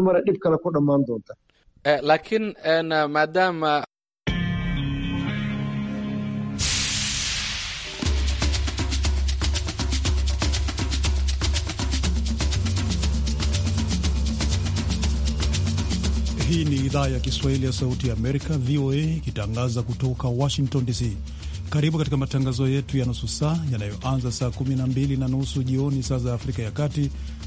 mara dhib kale ku dhammaan doonta eh, laakiin eh, maadaama ah, Hii ni idhaa ya Kiswahili ya Sauti ya Amerika, VOA, ikitangaza kutoka Washington DC. Karibu katika matangazo yetu ya nusu saa yanayoanza saa 12 na nusu jioni saa za Afrika ya Kati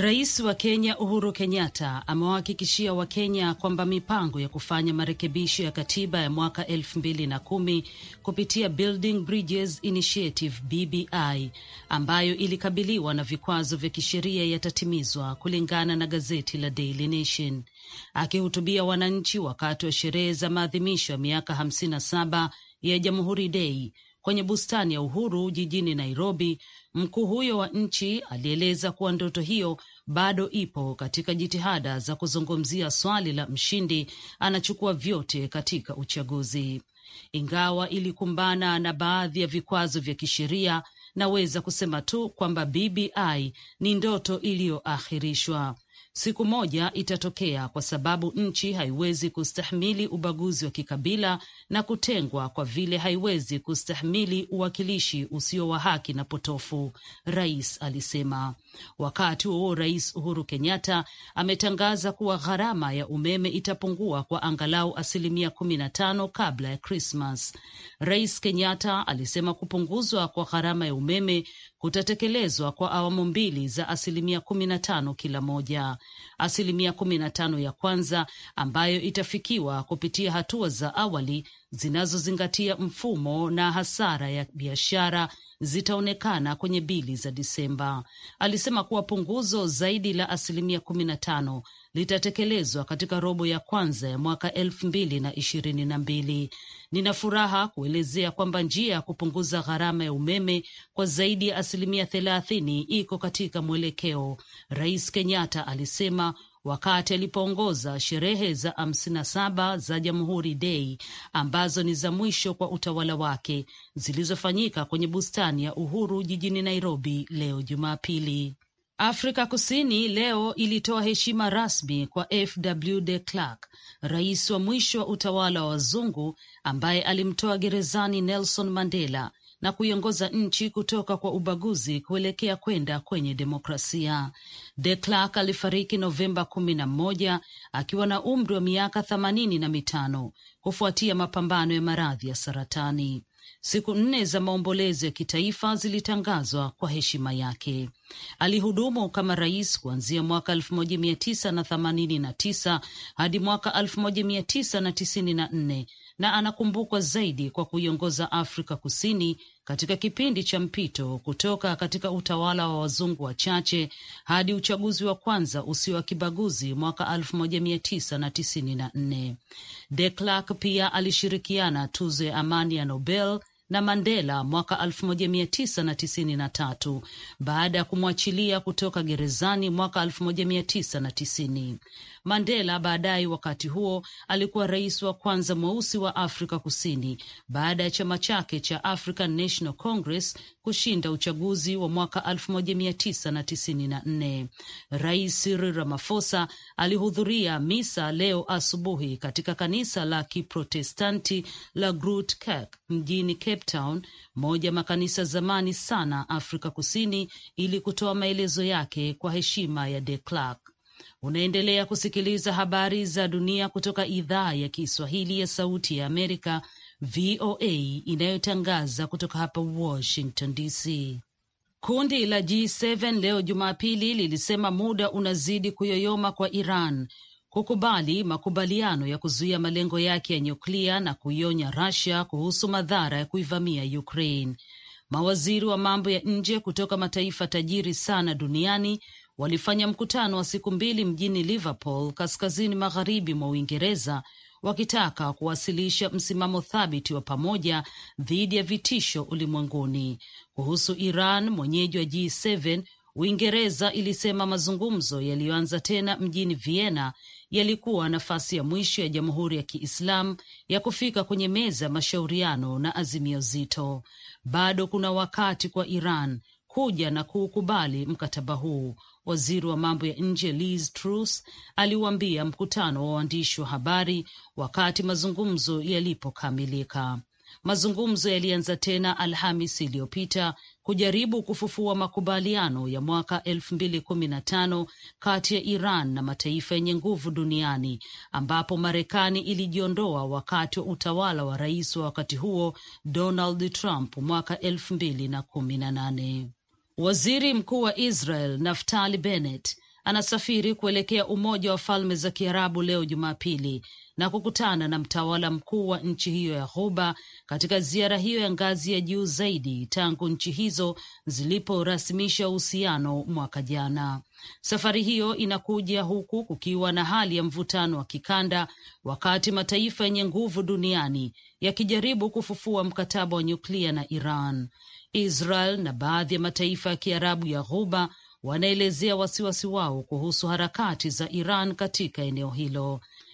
Rais wa Kenya Uhuru Kenyatta amewahakikishia Wakenya kwamba mipango ya kufanya marekebisho ya katiba ya mwaka elfu mbili na kumi kupitia Building Bridges Initiative BBI ambayo ilikabiliwa na vikwazo vya kisheria yatatimizwa kulingana na gazeti la Daily Nation. Akihutubia wananchi wakati wa sherehe za maadhimisho ya miaka hamsini na saba ya Jamhuri Dei kwenye bustani ya Uhuru jijini Nairobi, mkuu huyo wa nchi alieleza kuwa ndoto hiyo bado ipo katika jitihada za kuzungumzia swali la mshindi anachukua vyote katika uchaguzi. Ingawa ilikumbana na baadhi ya vikwazo vya kisheria, naweza kusema tu kwamba BBI ni ndoto iliyoahirishwa. Siku moja itatokea, kwa sababu nchi haiwezi kustahimili ubaguzi wa kikabila na kutengwa, kwa vile haiwezi kustahimili uwakilishi usio wa haki na potofu, rais alisema. Wakati huo Rais Uhuru Kenyatta ametangaza kuwa gharama ya umeme itapungua kwa angalau asilimia kumi na tano kabla ya Krismas. Rais Kenyatta alisema kupunguzwa kwa gharama ya umeme kutatekelezwa kwa awamu mbili za asilimia kumi na tano kila moja. Asilimia kumi na tano ya kwanza ambayo itafikiwa kupitia hatua za awali zinazozingatia mfumo na hasara ya biashara zitaonekana kwenye bili za Disemba. Alisema kuwa punguzo zaidi la asilimia kumi na tano litatekelezwa katika robo ya kwanza ya mwaka elfu mbili na ishirini na mbili. Nina furaha kuelezea kwamba njia ya kupunguza gharama ya umeme kwa zaidi ya asilimia thelathini iko katika mwelekeo, Rais Kenyatta alisema, wakati alipoongoza sherehe za 57 za Jamhuri Dei ambazo ni za mwisho kwa utawala wake zilizofanyika kwenye bustani ya Uhuru jijini Nairobi leo Jumapili. Afrika Kusini leo ilitoa heshima rasmi kwa FW de Klerk, rais wa mwisho wa utawala wa wazungu ambaye alimtoa gerezani Nelson Mandela na kuiongoza nchi kutoka kwa ubaguzi kuelekea kwenda kwenye demokrasia. De Klerk alifariki Novemba kumi na moja akiwa na umri wa miaka themanini na mitano kufuatia mapambano ya maradhi ya saratani. Siku nne za maombolezo ya kitaifa zilitangazwa kwa heshima yake. Alihudumu kama rais kuanzia mwaka 1989 hadi mwaka 1994 na anakumbukwa zaidi kwa kuiongoza Afrika Kusini katika kipindi cha mpito kutoka katika utawala wa wazungu wachache hadi uchaguzi wa kwanza usio wa kibaguzi mwaka 1994. De Klerk pia alishirikiana tuzo ya amani ya Nobel na Mandela mwaka 1993 baada ya kumwachilia kutoka gerezani mwaka 1990. Mandela baadaye wakati huo alikuwa rais wa kwanza mweusi wa Afrika Kusini baada ya chama chake cha African National Congress kushinda uchaguzi wa mwaka 1994. Rais Cyril Ramaphosa alihudhuria misa leo asubuhi katika kanisa la Kiprotestanti la Groot Kerk mjini Cape Town, moja makanisa zamani sana Afrika Kusini, ili kutoa maelezo yake kwa heshima ya de Klerk. Unaendelea kusikiliza habari za dunia kutoka idhaa ya Kiswahili ya Sauti ya Amerika, VOA, inayotangaza kutoka hapa Washington DC. Kundi la G7 leo Jumapili lilisema muda unazidi kuyoyoma kwa Iran kukubali makubaliano ya kuzuia malengo yake ya nyuklia na kuionya Russia kuhusu madhara ya kuivamia Ukraine. Mawaziri wa mambo ya nje kutoka mataifa tajiri sana duniani walifanya mkutano wa siku mbili mjini Liverpool, kaskazini magharibi mwa Uingereza, wakitaka kuwasilisha msimamo thabiti wa pamoja dhidi ya vitisho ulimwenguni. Kuhusu Iran, mwenyeji wa G7, Uingereza ilisema mazungumzo yaliyoanza tena mjini Vienna yalikuwa nafasi ya mwisho ya Jamhuri ya Kiislamu ya kufika kwenye meza ya mashauriano na azimio zito. Bado kuna wakati kwa Iran kuja na kuukubali mkataba huu, Waziri wa mambo ya nje Liz Truss aliuambia mkutano wa waandishi wa habari wakati mazungumzo yalipokamilika. Mazungumzo yalianza tena Alhamis iliyopita kujaribu kufufua makubaliano ya mwaka elfu mbili kumi na tano kati ya Iran na mataifa yenye nguvu duniani ambapo Marekani ilijiondoa wakati wa utawala wa rais wa wakati huo Donald Trump mwaka elfu mbili na kumi na nane. Waziri mkuu wa Israel Naftali Bennett anasafiri kuelekea Umoja wa Falme za Kiarabu leo Jumapili na kukutana na mtawala mkuu wa nchi hiyo ya Ghuba katika ziara hiyo ya ngazi ya juu zaidi tangu nchi hizo ziliporasimisha uhusiano mwaka jana. Safari hiyo inakuja huku kukiwa na hali ya mvutano wa kikanda, wakati mataifa yenye nguvu duniani yakijaribu kufufua mkataba wa nyuklia na Iran. Israel na baadhi ya mataifa ya Kiarabu ya Ghuba wanaelezea wasiwasi wao kuhusu harakati za Iran katika eneo hilo.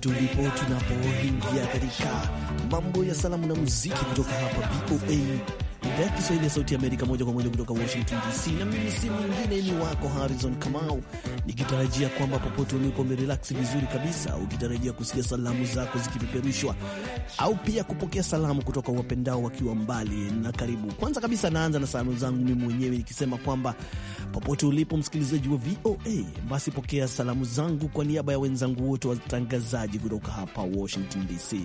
popote ulipo, tunapoingia katika mambo ya salamu na muziki kutoka hapa VOA idhaa ya Kiswahili ya Sauti Amerika, moja kwa moja kutoka Washington DC. Na mimi si mwingine ni wako Harrison Kamau, nikitarajia kwamba popote ulipo umerelaksi vizuri kabisa, ukitarajia kusikia salamu zako zikipeperushwa au pia kupokea salamu kutoka wapendao wakiwa mbali na karibu. Kwanza kabisa naanza na salamu zangu mimi mwenyewe nikisema kwamba Popote ulipo msikilizaji wa VOA, basi pokea salamu zangu kwa niaba ya wenzangu wote watangazaji kutoka hapa Washington DC.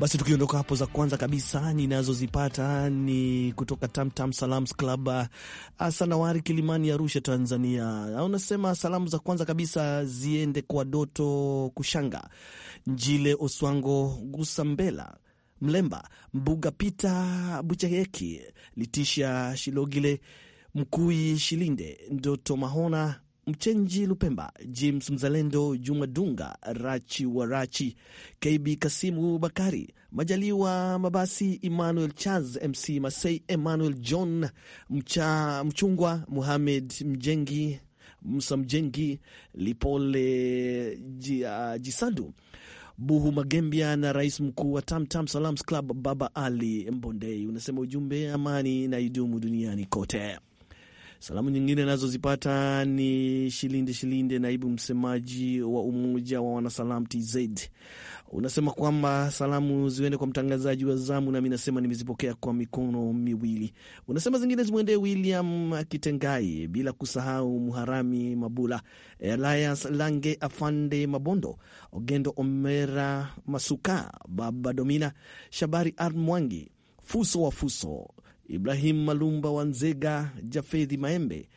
Basi tukiondoka hapo, za kwanza kabisa ninazozipata ni kutoka Tamtam Salams Club, Sanawari, Kilimani, Arusha, Tanzania. Unasema salamu za kwanza kabisa ziende kwa Doto Kushanga, Njile Oswango, Gusambela Mlemba, Mbuga Pita Bucheyeki, Litisha Shilogile Mkui Shilinde, Ndoto Mahona, Mchenji Lupemba, James Mzalendo, Juma Dunga, Rachi Warachi, KB Kasimu Bakari, Majaliwa Mabasi, Emmanuel Charles, MC Masei, Emmanuel John Mcha, Mchungwa, Muhamed Mjengi, Musa Mjengi, Lipole uh, Jisandu, Buhu Magembia na rais mkuu wa Tamtam Salams Club Baba Ali Mbondei. Unasema ujumbe amani na idumu duniani kote. Salamu nyingine nazozipata ni Shilinde Shilinde, naibu msemaji wa Umoja wa Wanasalam TZ, unasema kwamba salamu ziende kwa mtangazaji wa zamu, nami nasema nimezipokea kwa mikono miwili. Unasema zingine zimwendee William Kitengai, bila kusahau Muharami Mabula, Elias Lange, Afande Mabondo, Ogendo Omera Masuka, Baba Domina, Shabari Armwangi, Fuso wa Fuso, Ibrahim Malumba wa Nzega, Jafedhi Maembe,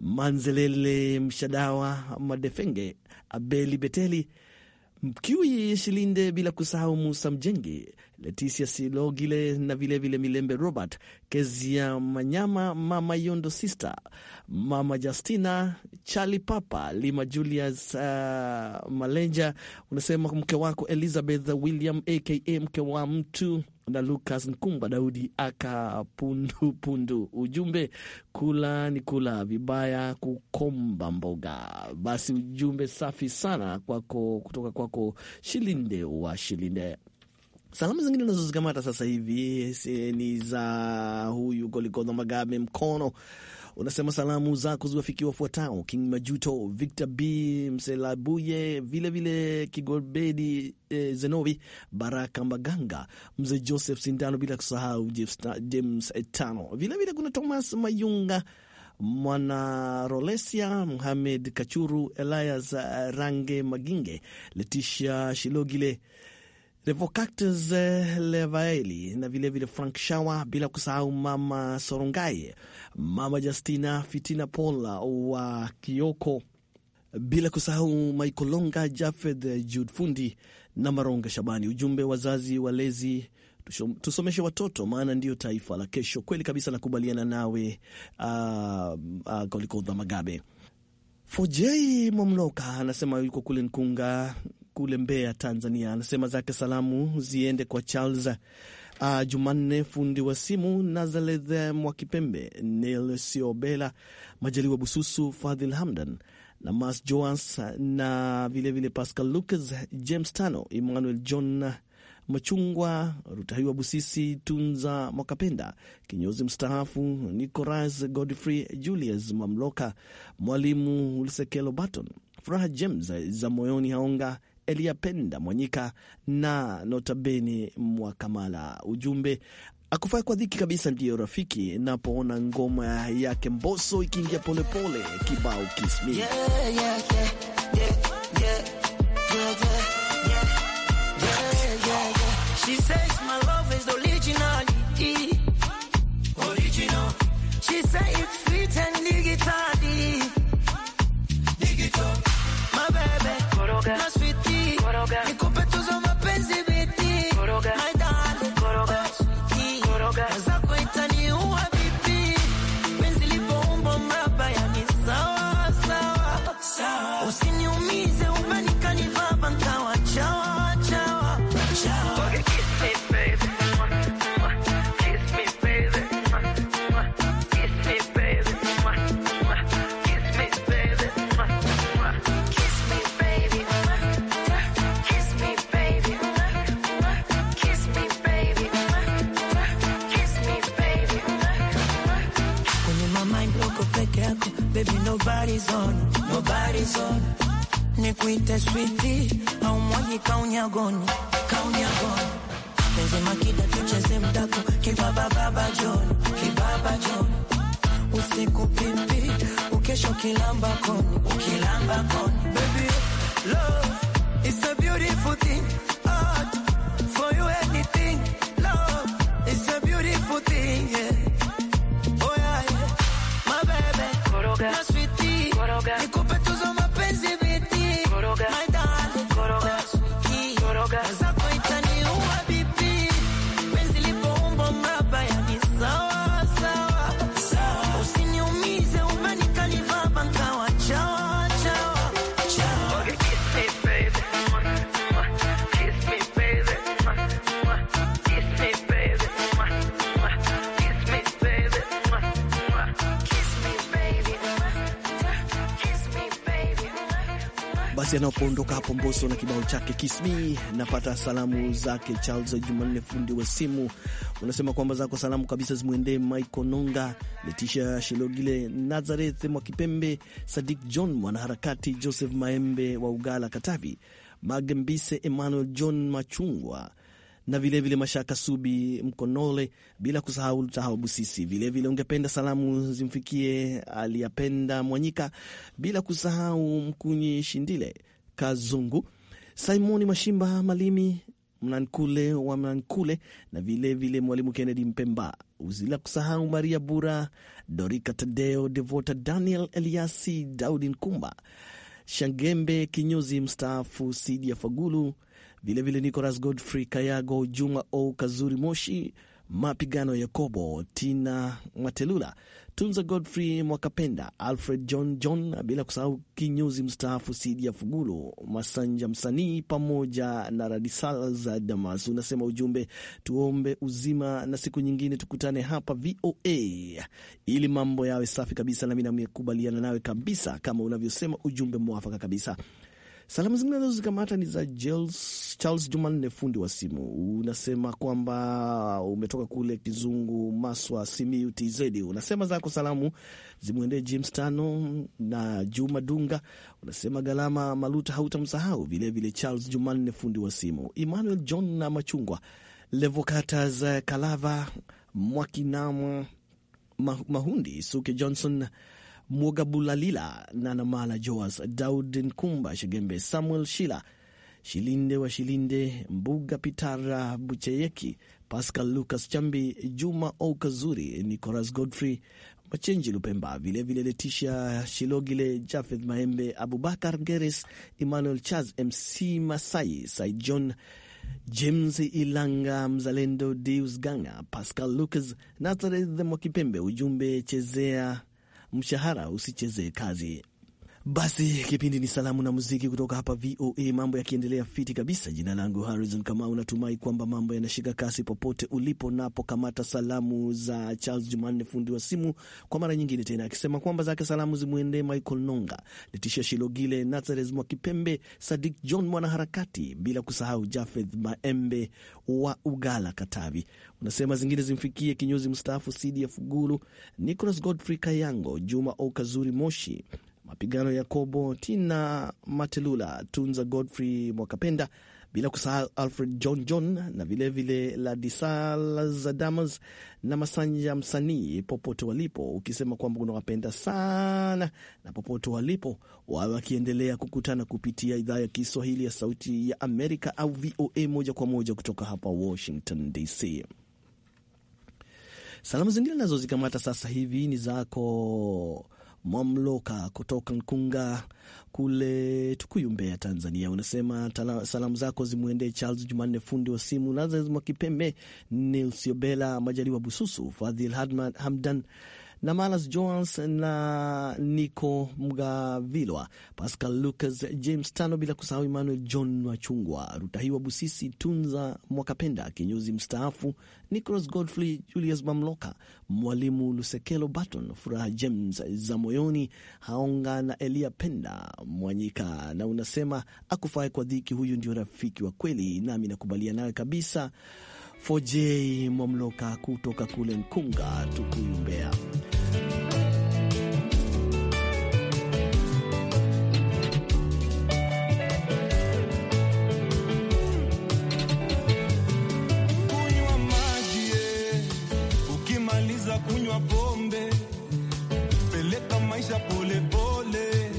Manzelele Mshadawa, Madefenge, Abeli Beteli, Mkiwi Shilinde, bila kusahau Musa Mjengi Leticia Silogile na vilevile vile Milembe Robert, Kezia Manyama, Mama Yondo, Sister Mama Justina, Charli Papa Lima, Julius uh, Malenja. Unasema mke wako Elizabeth William aka mke wa mtu na Lucas Nkumba Daudi aka pundu pundu. Ujumbe kula ni kula vibaya, kukomba mboga. Basi ujumbe safi sana kwako, kutoka kwako Shilinde wa Shilinde. Salamu zingine nazozikamata sasa hivi ni za huyu Goligodha Magabe Mkono. Unasema salamu zako ziwafikia wafuatao: King Majuto, Victor B Mselabuye, vilevile Kigobedi eh, Zenobi, Baraka Maganga, mzee Joseph Sindano, bila kusahau James Etano. Vilevile kuna Thomas Mayunga, Mwana Rolesia, Muhamed Kachuru, Elias Range Maginge, Letisha Shilogile Revocatus Levaeli na vilevile vile Frank Shawa, bila kusahau Mama Sorongai, Mama Justina Fitina Pola wa Kioko, bila kusahau Longa, Jafed Jude Fundi na Maronga Shabani. Ujumbe wazazi walezi tusomeshe watoto maana ndio taifa la kesho. Kweli kabisa, nakubaliana nawe uh, ah, uh, ah, Golikodha Magabe. Fojei Momloka anasema yuko kule Nkunga kule Mbeya, Tanzania. Anasema zake salamu ziende kwa Charles Uh, Jumanne fundi wa simu, Nazareth uh, Mwakipembe, Nel Siobela, Majaliwa Bususu, Fadhil Hamdan na Mas Joans uh, na vilevile vile Pascal Lucas, James Tano, Emmanuel John uh, Machungwa, Rutahiwa Busisi, Tunza Mwakapenda, kinyozi mstaafu, Nicolas Godfrey Julius Mamloka, Mwalimu Ulsekelo Baton, Furaha James za moyoni Haonga Eliapenda Mwanyika na Notabeni Mwakamala. Ujumbe akufaa kwa dhiki kabisa, ndiyo rafiki napoona ngoma yake Mboso ikiingia polepole kibao kismi yeah, yoga. Basi anapoondoka hapo Mboso na kibao chake Kismi, napata salamu zake Charles Jumanne, fundi wa simu. Unasema kwamba zako salamu kabisa zimwendee Michael Nonga, Letisha Shilogile, Nazareth Mwakipembe, Sadik John mwanaharakati, Joseph Maembe wa Ugala Katavi, Magembise Emmanuel John Machungwa na vilevile vile Mashaka Subi Mkonole, bila kusahau Tahau Busisi. Vilevile ungependa salamu zimfikie Aliyapenda Mwanyika, bila kusahau Mkunyi Shindile Kazungu, Simoni Mashimba Malimi, Mnankule wa Mnankule na vilevile vile Mwalimu Kennedy Mpemba, uzila kusahau Maria Bura, Dorika Tadeo, Devota Daniel Eliasi, Daudi Nkumba, Shangembe kinyozi mstaafu, Sidia Fagulu vilevile Nicolas Godfrey Kayago, Juma O Kazuri Moshi, Mapigano Yakobo, Tina Matelula, Tunza Godfrey Mwakapenda, Alfred John John, bila kusahau kinyozi mstaafu ya Fugulu Masanja msanii pamoja na Radisal za Damas. Unasema ujumbe, tuombe uzima na siku nyingine tukutane hapa VOA ili mambo yawe safi kabisa, nami namekubaliana nawe kabisa, kama unavyosema, ujumbe mwafaka kabisa. Salamu zingine zikamata ni za Jels, Charles Jumanne, fundi wa simu. Unasema kwamba umetoka kule Kizungu, Maswa, Simiu, TZ. Unasema zako salamu zimwendee James Tano na Juma Dunga. Unasema Galama Maluta hautamsahau vilevile, Charles Jumanne, fundi wa simu, Emmanuel John na Machungwa, Levokata za Kalava, Mwakinamwa Mahundi, Suke Johnson Mwogabulalila, Nanamala Joas, Daud Nkumba, Shegembe Samuel Shila, Shilinde wa Shilinde, Mbuga Pitara Bucheyeki, Pascal Lucas Chambi, Juma Oukazuri, Nicolas Godfrey Machenji Lupemba, vilevile Letisha Shilogile, Jafeth Maembe, Abubakar Geres, Emmanuel Charles, MC Masai, Sai John James Ilanga, Mzalendo Deus Ganga, Pascal Lucas, Nazareth Mwakipembe. Ujumbe chezea mshahara usicheze kazi. Basi kipindi ni salamu na muziki kutoka hapa VOA, mambo yakiendelea fiti kabisa. Jina langu Harrison Kamau. Natumai kwamba mambo yanashika kasi popote ulipo, napokamata salamu za Charles Jumanne, fundi wa simu, kwa mara nyingine tena, akisema kwamba zake salamu zimwendee Michael Nonga, Letisha Shilogile, Nazares Mwakipembe, Sadik John mwanaharakati, bila kusahau Jafeth Maembe wa Ugala, Katavi. Unasema zingine zimfikie kinyozi mstaafu Sidi ya Fugulu, Nicholas Godfrey Kayango, Juma Okazuri Moshi mapigano ya Kobo, Tina Matelula, Tunza Godfrey Mwakapenda, bila kusahau Alfred John John na vilevile Ladisalaadamas na Masanja msanii popote walipo, ukisema kwamba unawapenda sana na popote walipo wawe wakiendelea kukutana kupitia idhaa ya Kiswahili ya Sauti ya Amerika au VOA moja kwa moja kutoka hapa Washington DC. Salamu zingine nazo zikamata sasa hivi ni zako Mwamloka kutoka Nkunga kule Tukuyu, Mbeya, Tanzania, unasema salamu zako zimwendee Charles Jumanne, fundi wa simu, Lazarus Mwakipembe, Nilsiobela Majaliwa, Bususu, Fadhil Hamdan na Malas Joans na Nico Mgavilwa, Pascal Lucas, James Tano, bila kusahau Emmanuel John Wachungwa, Rutahiwa Busisi, Tunza Mwakapenda, kinyozi mstaafu, Nicolas Godfrey, Julius Mamloka, Mwalimu Lusekelo Baton, Furaha James za moyoni, Haonga na Elia Penda Mwanyika, na unasema akufae kwa dhiki, huyu ndio rafiki wa kweli, nami nakubalia nawe kabisa. 4J Mwamloka kutoka kule Nkunga, Tukuyu, Mbeya. Eh. Kunywa pombe peleka maisha polepole pole.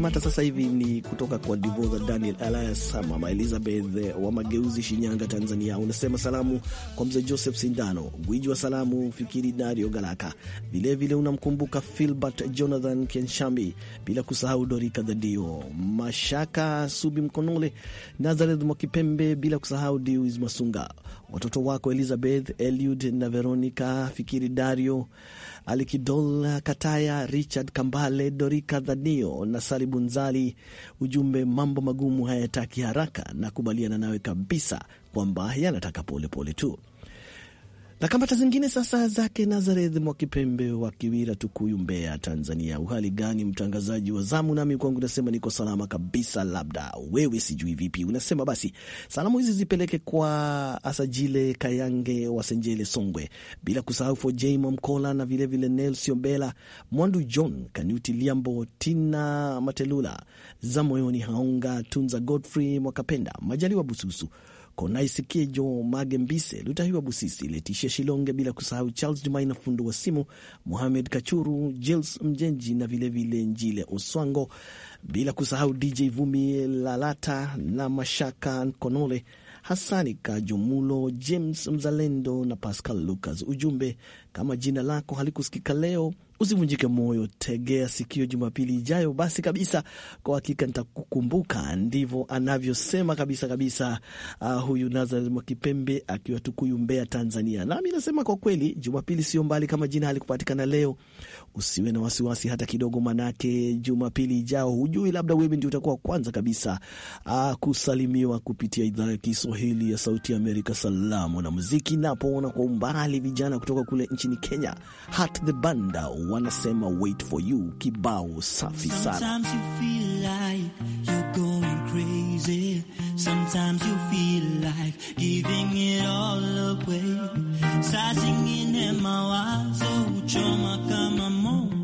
tunakamata sasa hivi ni kutoka kwa Divodha Daniel Alias, Mama Elizabeth wa Mageuzi, Shinyanga, Tanzania. Unasema salamu kwa mzee Joseph Sindano, gwiji wa salamu Fikiri Dario Galaka, vilevile unamkumbuka Filbert Jonathan Kenshambi, bila kusahau Dorika Dhadio, Mashaka Subi Mkonole, Nazareth Mwakipembe, bila kusahau Dis Masunga, watoto wako Elizabeth, Eliud na Veronica Fikiri Dario Alikidola Kataya, Richard Kambale, Dorika Dhanio na Sali Bunzali. Ujumbe, mambo magumu hayataki haraka na kubaliana nawe kabisa kwamba yanataka polepole tu na kamata zingine sasa zake Nazareth Mwakipembe wa Kiwira, Tukuyu, Mbeya, Tanzania. Uhali gani mtangazaji wa zamu? Nami kwangu nasema niko salama kabisa, labda wewe sijui vipi. Unasema basi salamu hizi zipeleke kwa Asajile Kayange wa Senjele, Songwe, bila kusahau Fojei Mamkola na vilevile Nelsio Bela Mwandu, John Kanuti Liambo, Tina Matelula za moyoni, Haonga Tunza, Godfrey Mwakapenda, Majaliwa Bususu Konaisikie Jo mbise Lutahiwa Busisi, Letishia Shilonge, bila kusahau Charles Jumaina fundi wa simu, Muhamed Kachuru, jels Mjenji na vilevile vile Njile Oswango, bila kusahau DJ Vumi Lalata na Mashaka Nkonole, Hasani Kajumulo, James Mzalendo na Pascal Lucas. Ujumbe, kama jina lako halikusikika leo Usivunjike moyo, tegea sikio Jumapili ijayo. Basi kabisa, kwa hakika nitakukumbuka. Ndivyo anavyosema kabisa kabisa, uh, huyu Nazareth Mwakipembe akiwa Tukuyu, Mbeya, Tanzania. Nami nasema kwa kweli, Jumapili sio mbali kama jina halikupatikana leo. Usiwe na wasiwasi hata kidogo, manake Jumapili ijao hujui, labda wewe ndio utakuwa kwanza kabisa uh, kusalimiwa kupitia idhaa ya Kiswahili ya Sauti ya Amerika. Salamu na muziki napoona kwa umbali vijana kutoka kule nchini Kenya, Hat the Banda wanasema wait for you, kibao safi sana. Saa zingine mawazo huchoma kama moto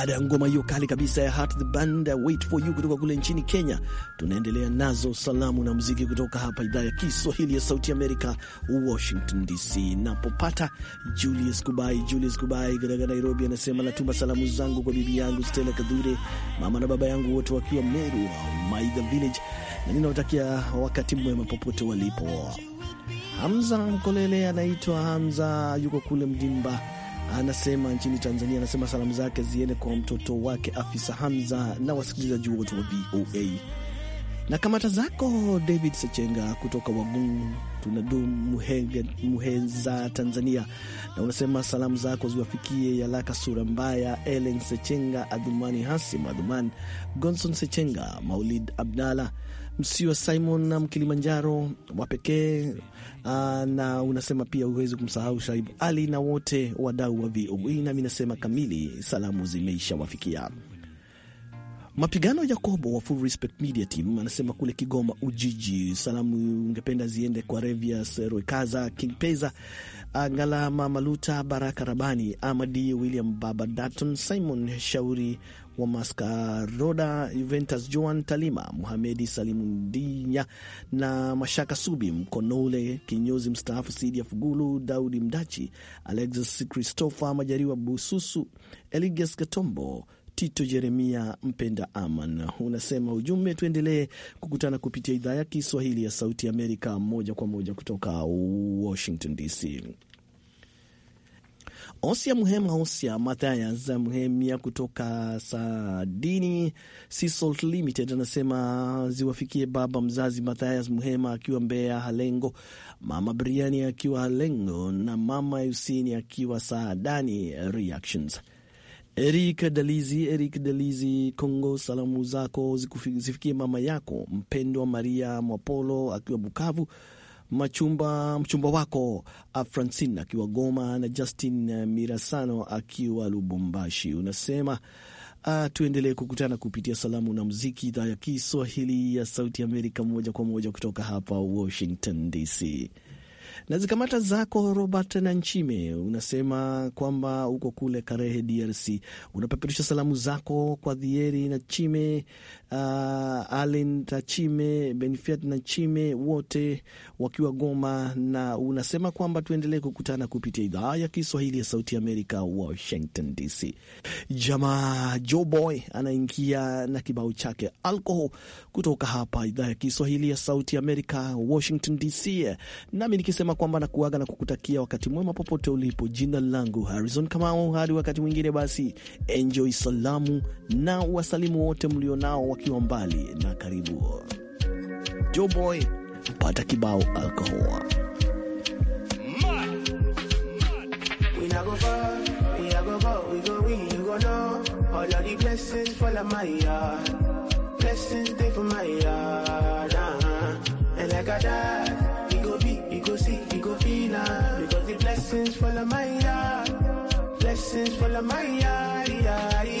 Baada ya ngoma hiyo kali kabisa ya Heart the Band Wait for You kutoka kule nchini Kenya, tunaendelea nazo salamu na muziki kutoka hapa idhaa ya Kiswahili ya Sauti Amerika, Washington DC. Napopata Julius Kubai, Julius Kubai kutoka Nairobi anasema natuma salamu zangu kwa bibi yangu Stella Kadhure, mama na baba yangu wote wakiwa Meru Maiga Village, na ninawatakia wakati mwema popote walipo. Hamza Mkolele anaitwa Hamza, yuko kule Mdimba anasema nchini Tanzania, anasema salamu zake ziende kwa mtoto wake afisa Hamza na wasikilizaji wote wa VOA na kamata zako David Sechenga kutoka Wagungu tunadu Muhenge, Muheza, Tanzania, na unasema salamu zako ziwafikie Yalaka Sura Mbaya, Elen Sechenga, Adhumani Hasim Adhuman, Gonson Sechenga, Maulid Abdala Msiwa Simon na Mkilimanjaro wa pekee Ah, na unasema pia huwezi kumsahau Shaibu Ali na wote wadau wa VOA, e. nami nasema kamili salamu zimeisha wafikia. Mapigano Yakobo wa Full Respect Media Team anasema kule Kigoma Ujiji, salamu ungependa ziende kwa Revias Rwekaza, King Peza, Ngalama Maluta, Baraka Rabani, Amadi William, Baba Daton, Simon Shauri wa Maskaroda, Juventus Joan Talima, Muhamedi Salimu Ndinya na Mashaka Subi Mkonole, kinyozi mstaafu Sidia Fugulu, Daudi Mdachi, Alexis Christopher Majariwa, Bususu Eligas Katombo Tito Jeremia Mpenda Aman unasema ujumbe, tuendelee kukutana kupitia idhaa ya Kiswahili ya Sauti Amerika moja kwa moja kutoka Washington DC. Osia Muhema Osia Mathayas Muhemia kutoka Sadini Salt Limited anasema ziwafikie baba mzazi mathayas Muhema akiwa Mbeya Halengo, mama Briani akiwa Halengo na mama Yusini akiwa Saadani Reactions. Eric Dalizi, Eric Dalizi Kongo, salamu zako zifikie mama yako mpendwa Maria Mwapolo akiwa Bukavu, machumba mchumba wako ah, Francin akiwa Goma na Justin eh, Mirasano akiwa Lubumbashi. Unasema uh, tuendelee kukutana kupitia salamu na muziki, idhaa ya Kiswahili ya Sauti Amerika, moja kwa moja kutoka hapa Washington DC na zikamata zako Robert na Nchime, unasema kwamba uko kule Karehe, DRC, unapeperusha salamu zako kwa Dhieri na Chime, uh, Alen Tachime, Benfiat na Chime, wote wakiwa Goma, na unasema kwamba tuendelee kukutana kupitia idhaa ya Kiswahili ya Sauti Amerika, Washington DC. Jamaa Joboy anaingia na kibao chake alcohol kutoka hapa idhaa ya Kiswahili ya Sauti Amerika, Washington DC, nami nikisema kusema kwamba nakuaga na kukutakia wakati mwema popote ulipo. Jina langu Harrison Kamau, hadi wakati mwingine. Basi enjoy salamu na wasalimu wote mlionao wakiwa mbali na karibu. Joboy pata kibao alcohol go see, you go feel am. Because the blessings follow my yard. Blessings follow my yard.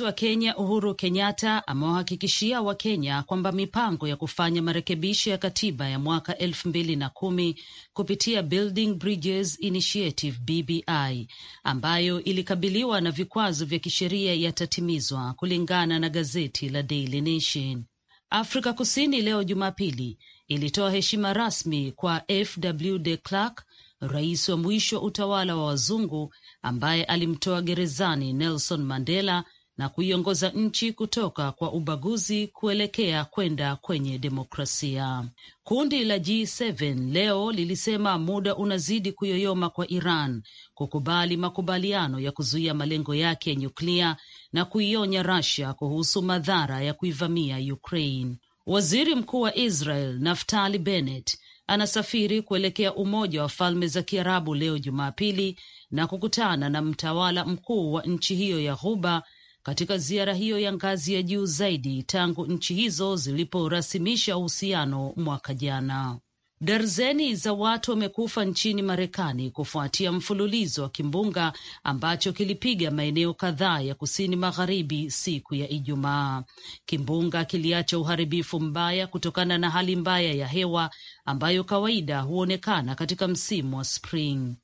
wa Kenya Uhuru Kenyatta amewahakikishia Wakenya kwamba mipango ya kufanya marekebisho ya katiba ya mwaka elfu mbili na kumi kupitia Building Bridges Initiative BBI ambayo ilikabiliwa na vikwazo vya kisheria yatatimizwa, kulingana na gazeti la Daily Nation. Afrika Kusini leo Jumapili ilitoa heshima rasmi kwa FW de Klerk, rais wa mwisho wa utawala wa wazungu ambaye alimtoa gerezani Nelson Mandela na kuiongoza nchi kutoka kwa ubaguzi kuelekea kwenda kwenye demokrasia. Kundi la G7 leo lilisema muda unazidi kuyoyoma kwa Iran kukubali makubaliano ya kuzuia malengo yake ya nyuklia na kuionya Russia kuhusu madhara ya kuivamia Ukraine. Waziri Mkuu wa Israel Naftali Bennett anasafiri kuelekea Umoja wa Falme za Kiarabu leo Jumapili na kukutana na mtawala mkuu wa nchi hiyo ya Ghuba katika ziara hiyo ya ngazi ya juu zaidi tangu nchi hizo ziliporasimisha uhusiano mwaka jana. Darzeni za watu wamekufa nchini Marekani kufuatia mfululizo wa kimbunga ambacho kilipiga maeneo kadhaa ya kusini magharibi siku ya Ijumaa. Kimbunga kiliacha uharibifu mbaya kutokana na hali mbaya ya hewa ambayo kawaida huonekana katika msimu wa spring.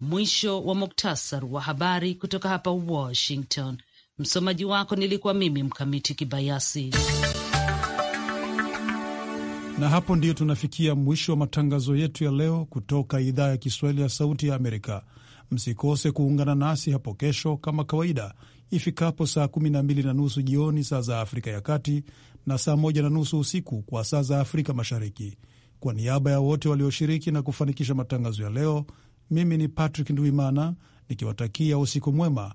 Mwisho wa muktasar wa habari kutoka hapa Washington. Msomaji wako nilikuwa mimi Mkamiti Kibayasi. Na hapo ndiyo tunafikia mwisho wa matangazo yetu ya leo kutoka idhaa ya Kiswahili ya Sauti ya Amerika. Msikose kuungana nasi hapo kesho kama kawaida ifikapo saa 12 na nusu jioni saa za Afrika ya Kati na saa moja na nusu usiku kwa saa za Afrika Mashariki. Kwa niaba ya wote walioshiriki na kufanikisha matangazo ya leo, mimi ni Patrick Ndwimana nikiwatakia usiku mwema